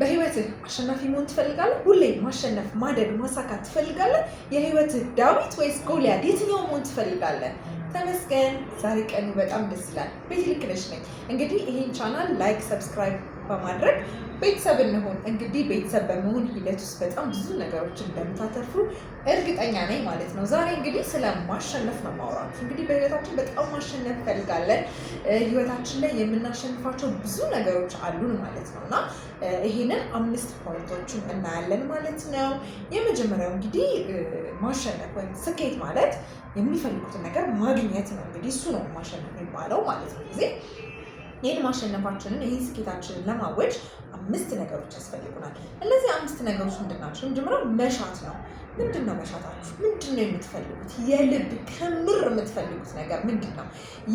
በህይወትህ አሸናፊ መሆን ትፈልጋለህ? ሁሌ ማሸነፍ፣ ማደግ፣ ማሳካት ትፈልጋለህ? የህይወትህ ዳዊት ወይስ ጎልያድ? የትኛው መሆን ትፈልጋለህ? ተመስገን። ዛሬ ቀኑ በጣም ደስ ይላል። ቤት ልክ ነሽ ነኝ። እንግዲህ ይህን ቻናል ላይክ፣ ሰብስክራይብ በማድረግ ቤተሰብ እንሆን። እንግዲህ ቤተሰብ በመሆን ሂደት ውስጥ በጣም ብዙ ነገሮች እንደምታተርፉ እርግጠኛ ነኝ ማለት ነው። ዛሬ እንግዲህ ስለ ማሸነፍ ነው ማውራት። እንግዲህ በህይወታችን በጣም ማሸነፍ እንፈልጋለን። ህይወታችን ላይ የምናሸንፋቸው ብዙ ነገሮች አሉን ማለት ነው እና ይህንን አምስት ፖይንቶችን እናያለን ማለት ነው። የመጀመሪያው እንግዲህ ማሸነፍ ወይም ስኬት ማለት የሚፈልጉትን ነገር ማግ ማግኘት ነው። እንግዲህ እሱ ነው ማሸነፍ የሚባለው ማለት ነው። ጊዜ ይህን ማሸነፋችንን ይህን ስኬታችንን ለማወጅ አምስት ነገሮች ያስፈልጉናል። እነዚህ አምስት ነገሮች ምንድን ናቸው? መጀመሪያው መሻት ነው። ምንድን ነው መሻታችሁ? ምንድን ነው የምትፈልጉት? የልብ ከምር የምትፈልጉት ነገር ምንድን ነው?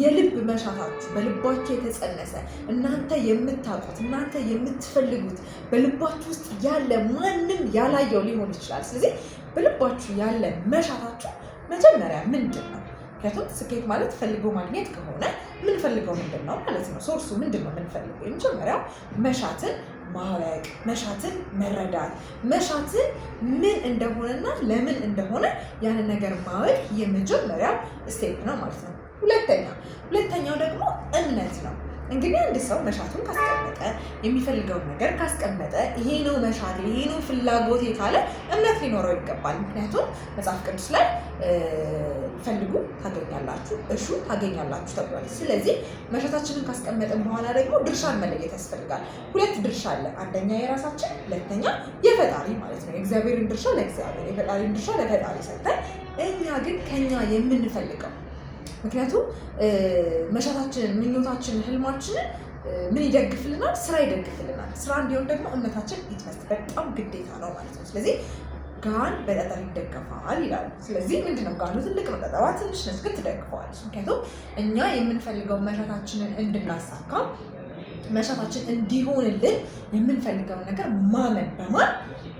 የልብ መሻታችሁ በልባችሁ የተጸነሰ እናንተ የምታውቁት እናንተ የምትፈልጉት በልባችሁ ውስጥ ያለ ማንም ያላየው ሊሆን ይችላል። ስለዚህ በልባችሁ ያለ መሻታችሁ መጀመሪያ ምንድን ነው? ምክንያቱም ስኬት ማለት ፈልገው ማግኘት ከሆነ የምንፈልገው ምንድን ነው ማለት ነው። ሶርሱ ምንድን ነው የምንፈልገው? የመጀመሪያው መሻትን ማወቅ፣ መሻትን መረዳት፣ መሻትን ምን እንደሆነና ለምን እንደሆነ ያንን ነገር ማወቅ የመጀመሪያው ስቴፕ ነው ማለት ነው። ሁለተኛ ሁለተኛው ደግሞ እምነት ነው። እንግዲህ አንድ ሰው መሻቱን ካስቀመጠ የሚፈልገውን ነገር ካስቀመጠ ይሄ ነው መሻት ይሄ ነው ፍላጎት ካለ እምነት ሊኖረው ይገባል። ምክንያቱም መጽሐፍ ቅዱስ ላይ ፈልጉ ታገኛላችሁ፣ እሹ ታገኛላችሁ ተብሏል። ስለዚህ መሻታችንን ካስቀመጥን በኋላ ደግሞ ድርሻን መለየት ያስፈልጋል። ሁለት ድርሻ አለ። አንደኛ የራሳችን፣ ሁለተኛ የፈጣሪ ማለት ነው። የእግዚአብሔርን ድርሻ ለእግዚአብሔር፣ የፈጣሪን ድርሻ ለፈጣሪ ሰጠን። እኛ ግን ከኛ የምንፈልገው ምክንያቱም መሻታችንን፣ ምኞታችንን፣ ህልማችንን ምን ይደግፍልናል? ስራ ይደግፍልናል። ስራ እንዲሆን ደግሞ እምነታችን ይትመስ በጣም ግዴታ ነው ማለት ነው። ስለዚህ ጋን በጠጠር ይደገፋል ይላሉ። ስለዚህ ምንድነው ጋኑ ትልቅ ነው፣ ጠጠሯ ትንሽ ነች፣ ግን ምክንያቱም እኛ የምንፈልገው መሻታችንን እንድናሳካ መሻታችን እንዲሆንልን የምንፈልገውን ነገር ማመን በማን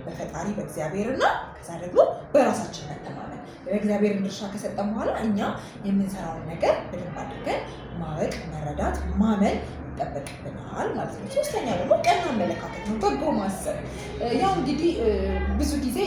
በፈጣሪ በእግዚአብሔርና ከዛ ደግሞ በራሳችን መተማመን በእግዚአብሔር ድርሻ ከሰጠን በኋላ እኛ የምንሰራውን ነገር በደንብ አድርገን ማወቅ፣ መረዳት፣ ማመን ይጠበቅብናል ማለት ነው። ሶስተኛ ደግሞ ቀና አመለካከት ነው፣ በጎ ማሰብ። ያው እንግዲህ ብዙ ጊዜ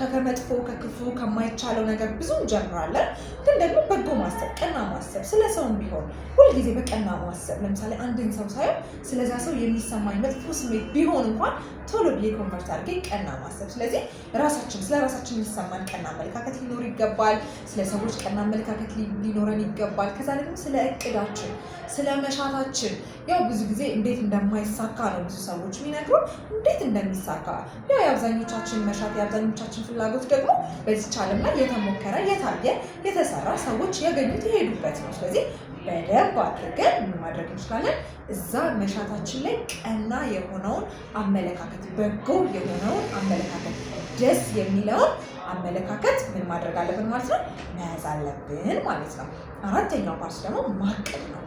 ከመጥፎ ከክፉ ከማይቻለው ነገር ብዙ እንጀምራለን፣ ግን ደግሞ በጎ ማሰብ፣ ቀና ማሰብ፣ ስለ ሰውም ቢሆን ሁልጊዜ በቀና ማሰብ። ለምሳሌ አንድን ሰው ሳየው ስለዛ ሰው የሚሰማኝ መጥፎ ስሜት ቢሆን እንኳን ቶሎ ብዬ ኮንቨርት አድርጌ ቀና ማሰብ። ስለዚህ ራሳችን ስለ ራሳችን የሚሰማን ቀና አመለካከት ሊኖር ይገባል። ስለ ሰዎች ቀና አመለካከት ሊኖረን ይገባል። ከዛ ደግሞ ስለ እቅዳችን ስለ መሻታችን ያው ብዙ ጊዜ እንዴት እንደማይሳካ ነው ብዙ ሰዎች የሚነግሩ፣ እንዴት እንደሚሳካ ያው የአብዛኞቻችን መሻት የአብዛኞቻችን ፍላጎት ደግሞ በዚች ዓለም ላይ የተሞከረ የታየ የተሰራ ሰዎች የገኙት የሄዱበት ነው። ስለዚህ በደንብ አድርገን ምን ማድረግ እንችላለን? እዛ መሻታችን ላይ ቀና የሆነውን አመለካከት፣ በጎ የሆነውን አመለካከት፣ ደስ የሚለውን አመለካከት ምን ማድረግ አለብን ማለት ነው መያዝ አለብን ማለት ነው። አራተኛው ፓርት ደግሞ ማቀድ ነው።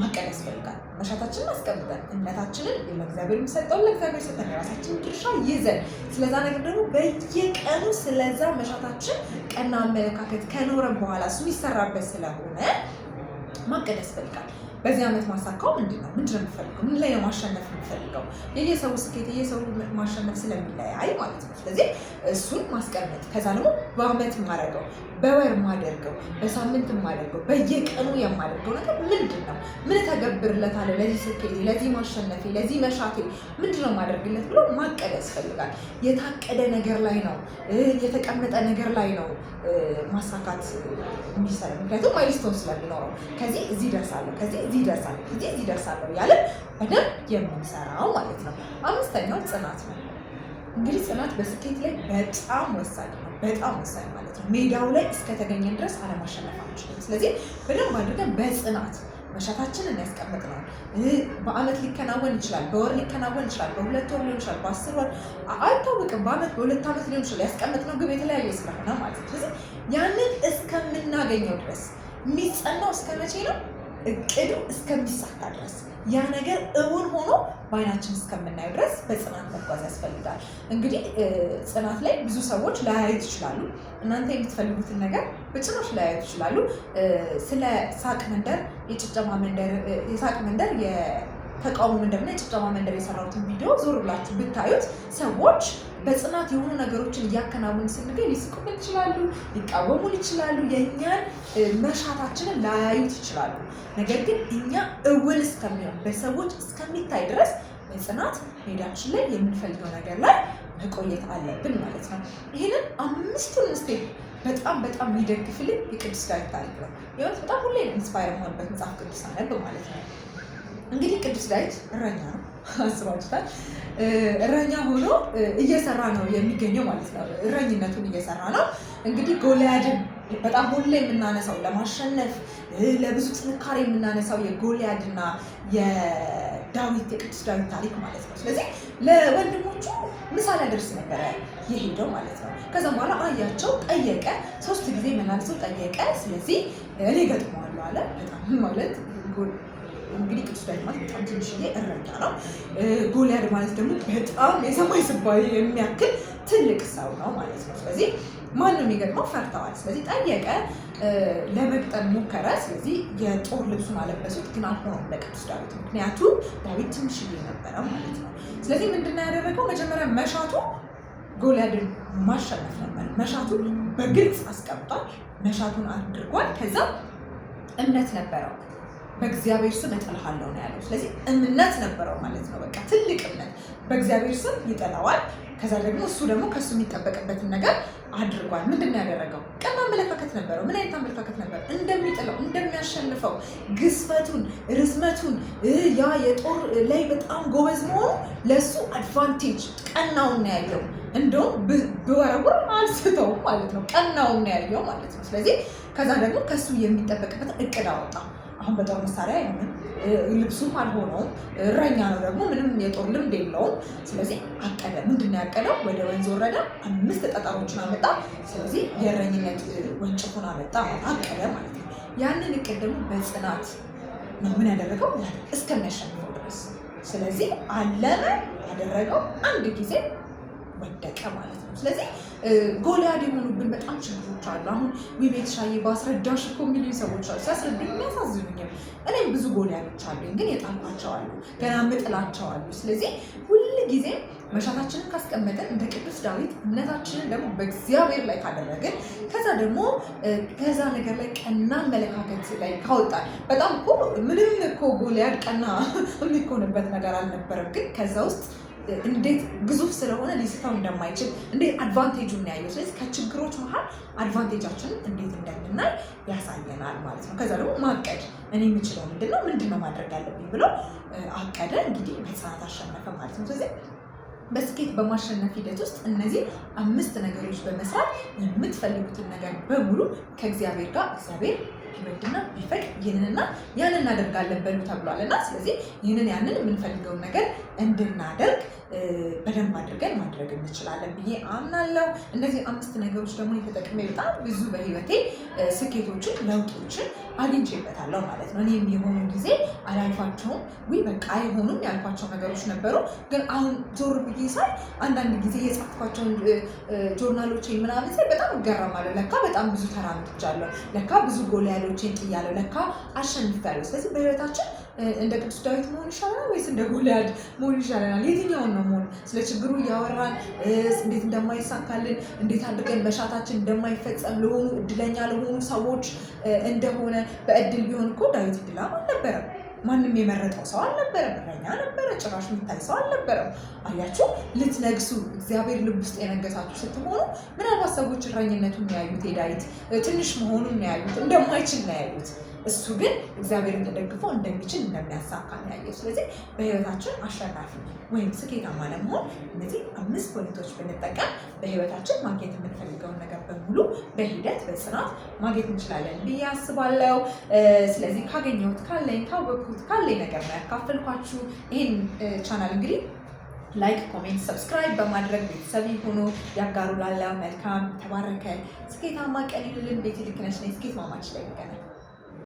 ማቀድ ያስፈልጋል። መሻታችንን አስቀምጠን እምነታችንን ለእግዚአብሔር የሚሰጠውን ለእግዚአብሔር ሰጠን የራሳችንን ድርሻ ይዘን ስለዛ ነገር ደግሞ በየቀኑ ስለዛ መሻታችን ቀና አመለካከት ከኖረን በኋላ እሱ ይሰራበት ስለሆነ ማቀድ ያስፈልጋል። በዚህ ዓመት ማሳካው ምንድን ነው? ምንድን ነው የምፈልገው? ምን ላይ ነው ማሸነፍ የምፈልገው? የየሰው ስኬት የየሰው ማሸነፍ ስለሚለያይ ማለት ነው። ስለዚህ እሱን ማስቀመጥ፣ ከዛ ደግሞ በዓመት የማደርገው፣ በወር ማደርገው በሳምንት የማደርገው፣ በየቀኑ የማደርገው ነገር ምንድን ነው? ምን ተገብርለታለሁ? ለዚህ ስኬት ለዚህ ማሸነፌ፣ ለዚህ መሻቴ ምንድን ነው ማደርግለት ብሎ ማቀድ ያስፈልጋል። የታቀደ ነገር ላይ ነው፣ የተቀመጠ ነገር ላይ ነው ማሳካት የሚሰራ ምክንያቱም ማይልስቶን ስለሚኖረው ከዚህ እዚህ ደርሳለሁ ከዚህ እዚህ ይደርሳል እዚህ እዚህ ይደርሳለሁ እያለ በደንብ የምንሰራው ማለት ነው። አምስተኛው ጽናት ነው። እንግዲህ ጽናት በስኬት ላይ በጣም ወሳኝ ነው። በጣም ወሳኝ ማለት ነው። ሜዳው ላይ እስከተገኘን ድረስ አለማሸነፍ አንችልም። ስለዚህ በደንብ አድርገን በጽናት መሻታችንን ነው። በአመት ሊከናወን ይችላል፣ በወር ሊከናወን ይችላል፣ በሁለት ወር ሊሆን ይችላል፣ በአስር ወር አይታወቅም። በአመት በሁለት አመት ሊሆን ይችላል። ያስቀምጥ ነው ግብ የተለያየ ስለሆነ ማለት ነው። ስለዚህ ያንን እስከምናገኘው ድረስ የሚጸናው እስከ መቼ ነው? እቅዱ እስከሚሳካ ድረስ ያ ነገር እውን ሆኖ በአይናችን እስከምናየው ድረስ በጽናት መጓዝ ያስፈልጋል። እንግዲህ ጽናት ላይ ብዙ ሰዎች ላያዩት ይችላሉ። እናንተ የምትፈልጉትን ነገር በጭራሽ ላያየት ይችላሉ። ስለ ሳቅ መንደር የጭጨማ መንደር የሳቅ መንደር ተቃውሞ እንደምና የጭብጨባ መንደር የሰራሁትን ቪዲዮ ዞር ብላችሁ ብታዩት ሰዎች በጽናት የሆኑ ነገሮችን እያከናወን ስንገኝ ሊስቁብን ይችላሉ፣ ሊቃወሙን ይችላሉ፣ የእኛን መሻታችንን ላያዩት ይችላሉ። ነገር ግን እኛ እውል እስከሚሆን በሰዎች እስከሚታይ ድረስ በጽናት ሜዳችን ላይ የምንፈልገው ነገር ላይ መቆየት አለብን ማለት ነው። ይህንን አምስቱን ስቴፕ በጣም በጣም የሚደግፍልን የቅዱስ ዳዊት ታሪክ ነው። የሆነት በጣም ሁሌ ኢንስፓየር የሆነበት መጽሐፍ ቅዱስ አነብ ማለት ነው። እንግዲህ ቅዱስ ዳዊት እረኛ ነው። አስባችሁታል። እረኛ ሆኖ እየሰራ ነው የሚገኘው ማለት ነው። እረኝነቱን እየሰራ ነው። እንግዲህ ጎልያድን በጣም ሁሌ የምናነሳው ለማሸነፍ ለብዙ ጥንካሬ የምናነሳው የጎልያድና የዳዊት የቅዱስ ዳዊት ታሪክ ማለት ነው። ስለዚህ ለወንድሞቹ ምሳሌ ሊያደርስ ነበረ የሄደው ማለት ነው። ከዛ በኋላ አያቸው፣ ጠየቀ። ሶስት ጊዜ መላልሰው ጠየቀ። ስለዚህ እኔ ገጥመዋለሁ አለ። በጣም ማለት እንግዲህ ቅዱስ ዳዊት ማለት በጣም ትንሽዬ እረኛ ነው። ጎልያድ ማለት ደግሞ በጣም የሰማይ ስባዊ የሚያክል ትልቅ ሰው ነው ማለት ነው። ስለዚህ ማን ነው የሚገጥመው ፈርተዋል። ስለዚህ ጠየቀ፣ ለመቅጠም ሞከረ። ስለዚህ የጦር ልብሱን አለበሱት፣ ግን አልሆነም ለቅዱስ ዳዊት ምክንያቱም ዳዊት ትንሽዬ ነበረ ማለት ነው። ስለዚህ ምንድን ነው ያደረገው? መጀመሪያ መሻቱ ጎልያድን ማሸነፍ ነበር። መሻቱን በግልጽ አስቀምጧል። መሻቱን አድርጓል። ከዛ እምነት ነበረው በእግዚአብሔር ስም እጠልሃለሁ ነው ያለው። ስለዚህ እምነት ነበረው ማለት ነው። በቃ ትልቅ እምነት በእግዚአብሔር ስም ይጠላዋል። ከዛ ደግሞ እሱ ደግሞ ከእሱ የሚጠበቅበትን ነገር አድርጓል። ምንድን ነው ያደረገው? ቀን አመለካከት ነበረው። ምን አይነት አመለካከት ነበር? እንደሚጥለው፣ እንደሚያሸንፈው፣ ግዝፈቱን፣ ርዝመቱን ያ የጦር ላይ በጣም ጎበዝ መሆኑ ለእሱ አድቫንቴጅ ቀናውን ነው ያለው። እንደውም ብወረውር አንስተውም ማለት ነው። ቀናውን ነው ያለው ማለት ነው። ስለዚህ ከዛ ደግሞ ከእሱ የሚጠበቅበት እቅድ አወጣ። አሁን በጦር መሳሪያ አይሆንም፣ ልብሱም አልሆነውም። እረኛ ነው ደግሞ ምንም የጦር ልምድ የለውም። ስለዚህ አቀደ። ምንድን ነው ያቀደው? ወደ ወንዝ ወረደ፣ አምስት ጠጠሮችን አመጣ። ስለዚህ የእረኝነት ወንጭፉን አመጣ፣ አቀደ ማለት ነው። ያንን እቅድ ደግሞ በጽናት ነው ምን ያደረገው እስከሚያሸንፈው ድረስ። ስለዚህ አለመ፣ ያደረገው አንድ ጊዜ ወደቀ ማለት ነው። ስለዚህ ጎልያድ የሆኑብን በጣም ችግሮች አሉ። አሁን ዊቤት ሻዬ በአስረዳሽ እኮ የሚሉ ሰዎች አሉ። ሲያስረዱኝ የሚያሳዝኑኛል። እኔም ብዙ ጎልያዶች አሉኝ፣ ግን የጣልኳቸው አሉ፣ ገና ምጥላቸው አሉ። ስለዚህ ሁል ሁልጊዜም መሻታችንን ካስቀመጠን እንደ ቅዱስ ዳዊት እምነታችንን ደግሞ በእግዚአብሔር ላይ ካደረግን ከዛ ደግሞ ከዛ ነገር ላይ ቀና አመለካከት ላይ ካወጣል በጣም እኮ ምንም እኮ ጎልያድ ቀና የሚኮንበት ነገር አልነበረም፣ ግን ከዛ ውስጥ እንዴት ግዙፍ ስለሆነ ሊስተው እንደማይችል እንዴት አድቫንቴጁ ያየው። ስለዚህ ከችግሮች መሀል አድቫንቴጃችንን እንዴት እንደምናይ ያሳየናል ማለት ነው። ከዛ ደግሞ ማቀድ እኔ የምችለው ምንድነው፣ ነው ማድረግ ያለብኝ ብሎ አቀደ። እንግዲህ መጽናት አሸነፈ ማለት ነው። ስለዚህ በስኬት በማሸነፍ ሂደት ውስጥ እነዚህ አምስት ነገሮች በመስራት የምትፈልጉትን ነገር በሙሉ ከእግዚአብሔር ጋር እግዚአብሔር ይወድና ቢፈቅድ ይህንንና ያንን እናደርጋለን በሉ ተብሏል እና ስለዚህ ይህንን ያንን የምንፈልገውን ነገር እንድናደርግ በደንብ አድርገን ማድረግ እንችላለን ብዬ አምናለሁ። እነዚህ አምስት ነገሮች ደግሞ የተጠቅሜ በጣም ብዙ በህይወቴ ስኬቶችን፣ ለውጦችን አግኝቼበታለሁ ማለት ነው። እኔም የሆኑ ጊዜ አላልፋቸውም ወይ በቃ አይሆኑም ያልኳቸው ነገሮች ነበሩ። ግን አሁን ዞር ብዬ ሳይ አንዳንድ ጊዜ የጻፍኳቸውን ጆርናሎቼን ምናምን ሳይ በጣም እገረማለሁ። ለካ በጣም ብዙ ተራምጃለሁ፣ ለካ ብዙ ጎልያዶቼን ጥያለሁ፣ ለካ አሸንፊያለሁ። ስለዚህ በህይወታችን እንደ ቅዱስ ዳዊት መሆን ይሻለናል ወይስ እንደ ጎልያድ መሆን ይሻለናል? የትኛውን ነው መሆን? ስለ ችግሩ እያወራን እንዴት እንደማይሳካልን እንዴት አድርገን መሻታችን እንደማይፈጸም ለሆኑ እድለኛ ለሆኑ ሰዎች እንደሆነ በእድል ቢሆን እኮ ዳዊት እድል አልነበረም። ማንም የመረጠው ሰው አልነበረም። እረኛ ነበረ፣ ጭራሽ የምታይ ሰው አልነበረም። አያችሁ፣ ልትነግሱ እግዚአብሔር ልብ ውስጥ የነገሳችሁ ስትሆኑ፣ ምናልባት ሰዎች እረኝነቱን ያዩት የዳዊት ትንሽ መሆኑን ያዩት እንደማይችል ነው ያዩት። እሱ ግን እግዚአብሔርን ተደግፎ እንደሚችል እንደሚያሳካ ያየው። ስለዚህ በህይወታችን አሸናፊ ወይም ስኬታማ ለመሆን እነዚህ አምስት ፖይንቶች ብንጠቀም በህይወታችን ማግኘት የምንፈልገውን ነገር በሙሉ በሂደት በጽናት ማግኘት እንችላለን ብዬ አስባለሁ። ስለዚህ ካገኘሁት ካለኝ ካወቅኩት ካለኝ ነገር ነው ያካፈልኳችሁ። ይህን ቻናል እንግዲህ ላይክ፣ ኮሜንት፣ ሰብስክራይብ በማድረግ ቤተሰብ ሆኖ ያጋሩ። ላለ መልካም ተባረከ፣ ስኬታማ ቀን ይሁንልን። ቤቴ ልክነሽ ነኝ። ስኬት ማማች ላይ ይገናል